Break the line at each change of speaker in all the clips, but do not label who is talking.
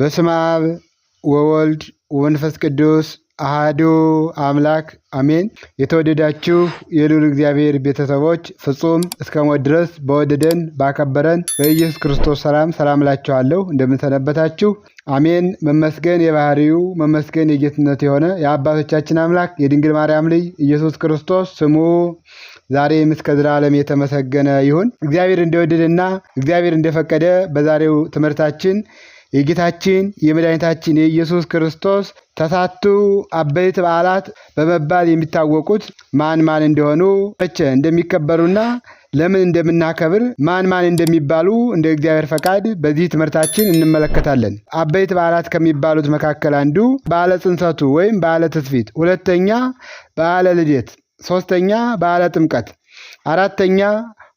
በስመ አብ ወወልድ ወመንፈስ ቅዱስ አህዱ አምላክ አሜን። የተወደዳችሁ የልዑል እግዚአብሔር ቤተሰቦች ፍጹም እስከ ሞት ድረስ በወደደን ባከበረን በኢየሱስ ክርስቶስ ሰላም ሰላም እላችኋለሁ። እንደምንሰነበታችሁ አሜን። መመስገን የባህሪው መመስገን የጌትነት የሆነ የአባቶቻችን አምላክ የድንግል ማርያም ልጅ ኢየሱስ ክርስቶስ ስሙ ዛሬም እስከ ዘላለም የተመሰገነ ይሁን። እግዚአብሔር እንደወደደና እግዚአብሔር እንደፈቀደ በዛሬው ትምህርታችን የጌታችን የመድኃኒታችን የኢየሱስ ክርስቶስ ተሳቱ አበይት በዓላት በመባል የሚታወቁት ማን ማን እንደሆኑ መቼ እንደሚከበሩና ለምን እንደምናከብር ማን ማን እንደሚባሉ እንደ እግዚአብሔር ፈቃድ በዚህ ትምህርታችን እንመለከታለን። አበይት በዓላት ከሚባሉት መካከል አንዱ በዓለ ጽንሰቱ ወይም በዓለ ትስፊት፣ ሁለተኛ በዓለ ልደት፣ ሶስተኛ በዓለ ጥምቀት፣ አራተኛ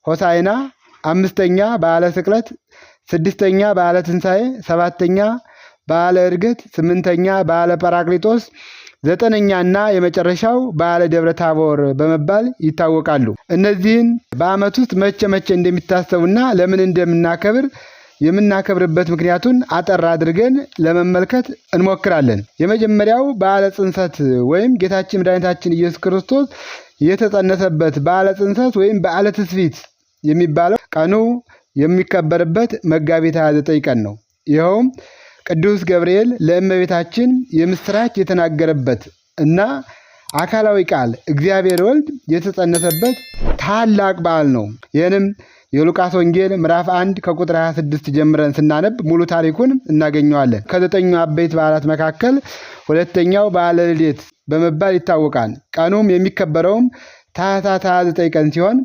ሆሳይና አምስተኛ በዓለ ስቅለት፣ ስድስተኛ በዓለ ትንሣኤ፣ ሰባተኛ በዓለ ዕርገት፣ ስምንተኛ በዓለ ጳራቅሊጦስ፣ ዘጠነኛና የመጨረሻው በዓለ ደብረ ታቦር በመባል ይታወቃሉ። እነዚህን በዓመት ውስጥ መቼ መቼ እንደሚታሰቡና ለምን እንደምናከብር የምናከብርበት ምክንያቱን አጠር አድርገን ለመመልከት እንሞክራለን። የመጀመሪያው በዓለ ጽንሰት ወይም ጌታችን መድኃኒታችን ኢየሱስ ክርስቶስ የተጸነሰበት በዓለ ጽንሰት ወይም በዓለ ትስፊት የሚባለው ቀኑ የሚከበርበት መጋቢት 29 ቀን ነው። ይኸውም ቅዱስ ገብርኤል ለእመቤታችን የምስራች የተናገረበት እና አካላዊ ቃል እግዚአብሔር ወልድ የተጸነሰበት ታላቅ በዓል ነው። ይህንም የሉቃስ ወንጌል ምዕራፍ 1 ከቁጥር 26 ጀምረን ስናነብ ሙሉ ታሪኩን እናገኘዋለን። ከዘጠኙ አበይት በዓላት መካከል ሁለተኛው በዓለ ልደት በመባል ይታወቃል። ቀኑም የሚከበረውም ታኅሳስ 29 ቀን ሲሆን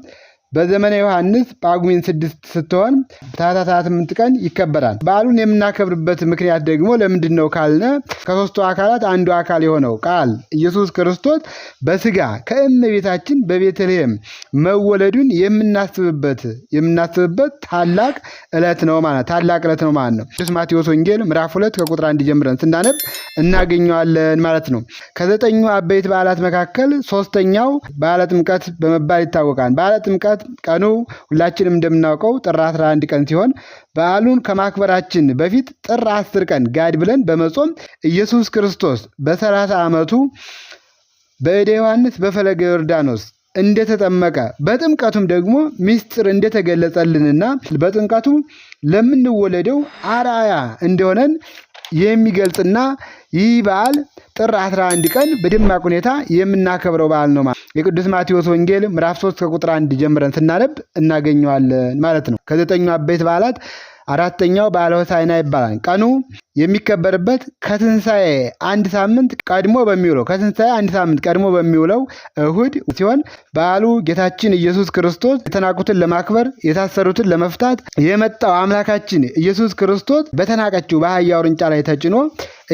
በዘመነ ዮሐንስ ጳጉሜን ስድስት ስትሆን ታኅሳስ ስምንት ቀን ይከበራል። በዓሉን የምናከብርበት ምክንያት ደግሞ ለምንድን ነው ካልነ ከሶስቱ አካላት አንዱ አካል የሆነው ቃል ኢየሱስ ክርስቶስ በስጋ ከእመቤታችን በቤተልሔም መወለዱን የምናስብበት የምናስብበት ታላቅ ዕለት ነው ማለት ታላቅ ዕለት ነው ማለት ነው። ቅዱስ ማቴዎስ ወንጌል ምዕራፍ ሁለት ከቁጥር አንድ ጀምረን ስናነብ እናገኘዋለን ማለት ነው። ከዘጠኙ አበይት በዓላት መካከል ሶስተኛው በዓለ ጥምቀት በመባል ይታወቃል። በዓለ ጥምቀት ዓመት ቀኑ ሁላችንም እንደምናውቀው ጥር 11 ቀን ሲሆን በዓሉን ከማክበራችን በፊት ጥር 10 ቀን ጋድ ብለን በመጾም ኢየሱስ ክርስቶስ በሰላሳ ዓመቱ በእደ ዮሐንስ በፈለገ ዮርዳኖስ እንደተጠመቀ በጥምቀቱም ደግሞ ምስጢር እንደተገለጸልንና በጥምቀቱ ለምንወለደው አርአያ እንደሆነን የሚገልጽና ይህ በዓል ጥር 11 ቀን በደማቅ ሁኔታ የምናከብረው በዓል ነው ማለት የቅዱስ ማቴዎስ ወንጌል ምዕራፍ 3 ከቁጥር 1 ጀምረን ስናነብ እናገኘዋለን ማለት ነው። ከዘጠኙ አበይት በዓላት አራተኛው በዓለ ሆሳዕና ይባላል። ቀኑ የሚከበርበት ከትንሣኤ አንድ ሳምንት ቀድሞ በሚውለው ከትንሣኤ አንድ ሳምንት ቀድሞ በሚውለው እሁድ ሲሆን በዓሉ ጌታችን ኢየሱስ ክርስቶስ የተናቁትን ለማክበር የታሰሩትን ለመፍታት የመጣው አምላካችን ኢየሱስ ክርስቶስ በተናቀችው በአህያ ውርንጫ ላይ ተጭኖ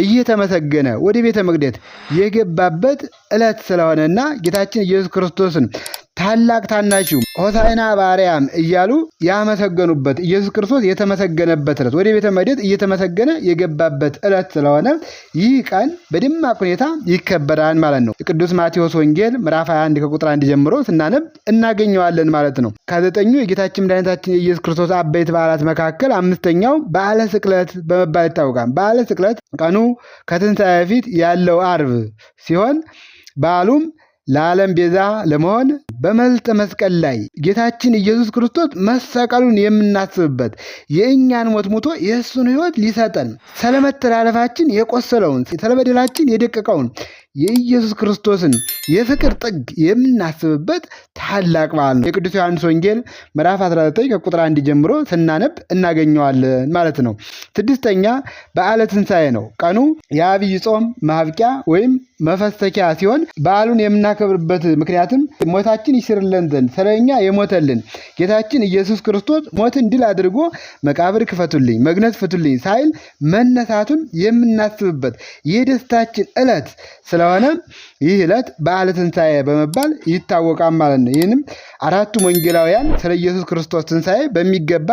እየተመሰገነ ወደ ቤተ መቅደስ የገባበት ዕለት ስለሆነና ጌታችን ኢየሱስ ክርስቶስን ታላቅ ታናሹ ሆሳይና በአርያም እያሉ ያመሰገኑበት ኢየሱስ ክርስቶስ የተመሰገነበት ዕለት ወደ ቤተ መቅደስ እየተመሰገነ የገባበት ዕለት ስለሆነ ይህ ቀን በደማቅ ሁኔታ ይከበራል ማለት ነው። ቅዱስ ማቴዎስ ወንጌል ምዕራፍ 21 ከቁጥር 1 ጀምሮ ስናነብ እናገኘዋለን ማለት ነው። ከዘጠኙ የጌታችን መድኃኒታችን የኢየሱስ ክርስቶስ አበይት በዓላት መካከል አምስተኛው በዓለ ስቅለት በመባል ይታወቃል። በዓለ ስቅለት ቀኑ ከትንሣኤ በፊት ያለው አርብ ሲሆን በዓሉም ለዓለም ቤዛ ለመሆን በመልጠ መስቀል ላይ ጌታችን ኢየሱስ ክርስቶስ መሰቀሉን የምናስብበት የእኛን ሞት ሙቶ የእሱን ሕይወት ሊሰጠን ስለመተላለፋችን የቆሰለውን ስለበደላችን የደቀቀውን የኢየሱስ ክርስቶስን የፍቅር ጥግ የምናስብበት ታላቅ በዓል ነው። የቅዱስ ዮሐንስ ወንጌል ምዕራፍ 19 ከቁጥር 1 ጀምሮ ስናነብ እናገኘዋለን ማለት ነው። ስድስተኛ በዓለ ትንሣኤ ነው። ቀኑ የአብይ ጾም ማብቂያ ወይም መፈሰኪያ ሲሆን በዓሉን የምና የምናከብርበት ምክንያትም ሞታችን ይሽርለን ዘንድ ስለኛ የሞተልን ጌታችን ኢየሱስ ክርስቶስ ሞትን ድል አድርጎ መቃብር ክፈቱልኝ፣ መግነት ፍቱልኝ ሳይል መነሳቱን የምናስብበት የደስታችን ዕለት ስለሆነ ይህ ዕለት በዓለ ትንሣኤ በመባል ይታወቃል ማለት ነው። ይህንም አራቱም ወንጌላውያን ስለ ኢየሱስ ክርስቶስ ትንሣኤ በሚገባ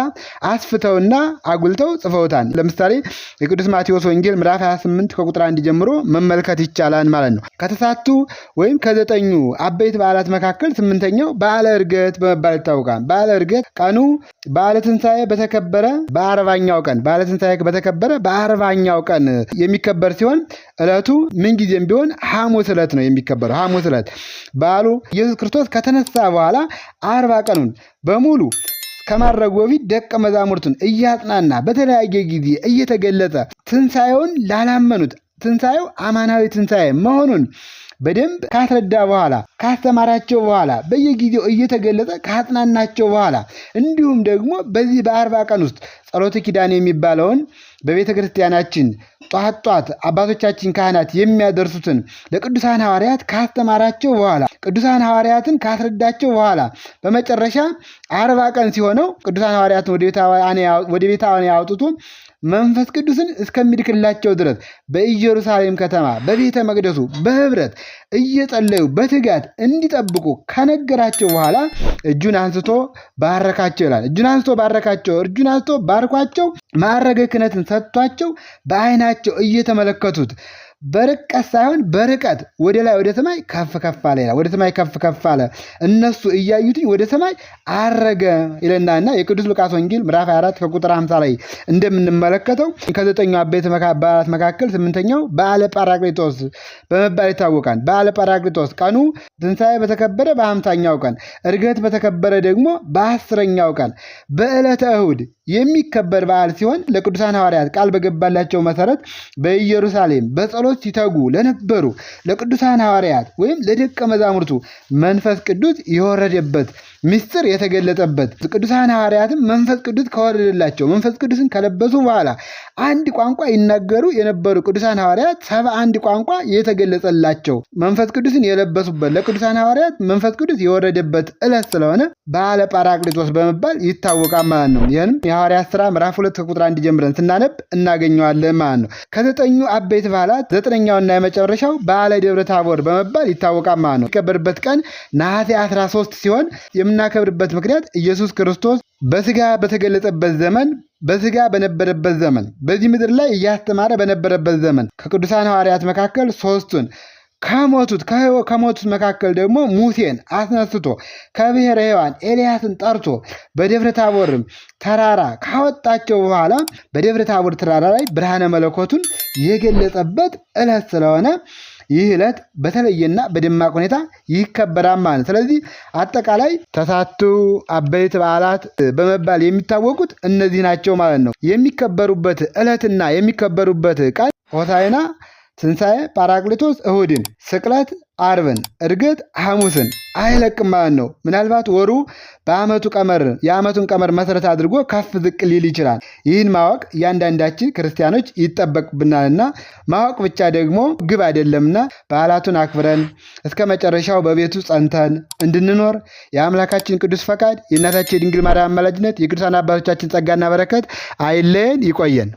አስፍተውና አጉልተው ጽፈውታል። ለምሳሌ የቅዱስ ማቴዎስ ወንጌል ምዕራፍ 28 ከቁጥር 1 ጀምሮ መመልከት ይቻላል ማለት ነው። ከተሳቱ ወይም ከዘ ከዘጠኙ አበይት በዓላት መካከል ስምንተኛው በዓለ እርገት በመባል ይታወቃል። በዓለ እርገት ቀኑ በዓለ ትንሣኤ በተከበረ በአርባኛው ቀን በዓለ ትንሣኤ በተከበረ በአርባኛው ቀን የሚከበር ሲሆን ዕለቱ ምንጊዜም ቢሆን ሐሙስ ዕለት ነው የሚከበረው። ሐሙስ ዕለት በዓሉ ኢየሱስ ክርስቶስ ከተነሳ በኋላ አርባ ቀኑን በሙሉ ከማድረጉ በፊት ደቀ መዛሙርቱን እያጽናና በተለያየ ጊዜ እየተገለጸ ትንሣኤውን ላላመኑት ትንሣኤው አማናዊ ትንሣኤ መሆኑን በደንብ ካስረዳ በኋላ ካስተማራቸው በኋላ በየጊዜው እየተገለጸ ካጽናናቸው በኋላ እንዲሁም ደግሞ በዚህ በአርባ ቀን ውስጥ ጸሎተ ኪዳን የሚባለውን በቤተ ክርስቲያናችን ጧት ጧት አባቶቻችን ካህናት የሚያደርሱትን ለቅዱሳን ሐዋርያት ካስተማራቸው በኋላ ቅዱሳን ሐዋርያትን ካስረዳቸው በኋላ በመጨረሻ አርባ ቀን ሲሆነው ቅዱሳን ሐዋርያትን ወደ ቤታውያን ያወጡቱ መንፈስ ቅዱስን እስከሚልክላቸው ድረስ በኢየሩሳሌም ከተማ በቤተ መቅደሱ በህብረት እየጸለዩ በትጋት እንዲጠብቁ ከነገራቸው በኋላ እጁን አንስቶ ባረካቸው ይላል። እጁን አንስቶ ባረካቸው። እጁን አንስቶ ባርኳቸው ማዕረገ ክህነትን ሰጥቷቸው በዓይናቸው እየተመለከቱት በርቀት ሳይሆን በርቀት ወደ ላይ ወደ ሰማይ ከፍ ከፍ አለ ይላል። ወደ ሰማይ ከፍ ከፍ አለ እነሱ እያዩትኝ ወደ ሰማይ አረገ እና የቅዱስ ሉቃስ ወንጌል ምዕራፍ 24 ከቁጥር 50 ላይ እንደምንመለከተው ከዘጠኙ አበይት በዓላት መካከል ስምንተኛው በዓለ ጳራቅሊጦስ በመባል ይታወቃል። በዓለ ጳራቅሊጦስ ቀኑ ትንሣኤ በተከበረ በሀምሳኛው ቀን፣ እርገት በተከበረ ደግሞ በአስረኛው ቀን በዕለተ እሁድ የሚከበር በዓል ሲሆን ለቅዱሳን ሐዋርያት ቃል በገባላቸው መሰረት በኢየሩሳሌም በጸሎት ክርስቲያኖች ሲተጉ ለነበሩ ለቅዱሳን ሐዋርያት ወይም ለደቀ መዛሙርቱ መንፈስ ቅዱስ የወረደበት ምስጢር የተገለጠበት ቅዱሳን ሐዋርያትም መንፈስ ቅዱስ ከወረደላቸው መንፈስ ቅዱስን ከለበሱ በኋላ አንድ ቋንቋ ይናገሩ የነበሩ ቅዱሳን ሐዋርያት ሰባ አንድ ቋንቋ የተገለጸላቸው መንፈስ ቅዱስን የለበሱበት ለቅዱሳን ሐዋርያት መንፈስ ቅዱስ የወረደበት ዕለት ስለሆነ በዓለ ጳራቅሊጦስ በመባል ይታወቃል ማለት ነው። ይህንም የሐዋርያት ሥራ ምዕራፍ ሁለት ከቁጥር አንድ ጀምረን ስናነብ እናገኘዋለን ማለት ነው። ከዘጠኙ አበይት በዓላት ዘጠነኛውና የመጨረሻው በዓለ ደብረ ታቦር በመባል ይታወቃል ማለት ነው። የሚከበርበት ቀን ነሐሴ 13 ሲሆን የምናከብርበት ምክንያት ኢየሱስ ክርስቶስ በስጋ በተገለጸበት ዘመን በስጋ በነበረበት ዘመን በዚህ ምድር ላይ እያስተማረ በነበረበት ዘመን ከቅዱሳን ሐዋርያት መካከል ሶስቱን ከሞቱት ከሞቱት መካከል ደግሞ ሙሴን አስነስቶ ከብሔረ ሕያዋን ኤልያስን ጠርቶ በደብረ ታቦርም ተራራ ካወጣቸው በኋላ በደብረ ታቦር ተራራ ላይ ብርሃነ መለኮቱን የገለጸበት ዕለት ስለሆነ ይህ ዕለት በተለየና በደማቅ ሁኔታ ይከበራል ማለት። ስለዚህ አጠቃላይ ተሳቱ አበይት በዓላት በመባል የሚታወቁት እነዚህ ናቸው ማለት ነው። የሚከበሩበት ዕለትና የሚከበሩበት ቀን ሆሳዕና ትንሣኤ ጳራቅሊጦስ እሁድን፣ ስቅለት አርብን፣ እርገት ሐሙስን አይለቅም ማለት ነው። ምናልባት ወሩ በአመቱ ቀመር የአመቱን ቀመር መሰረት አድርጎ ከፍ ዝቅ ሊል ይችላል። ይህን ማወቅ እያንዳንዳችን ክርስቲያኖች ይጠበቅብናልና ማወቅ ብቻ ደግሞ ግብ አይደለምና በዓላቱን አክብረን እስከ መጨረሻው በቤቱ ጸንተን እንድንኖር የአምላካችን ቅዱስ ፈቃድ የእናታችን የድንግል ማርያም አማላጅነት የቅዱሳን አባቶቻችን ጸጋና በረከት አይለየን። ይቆየን።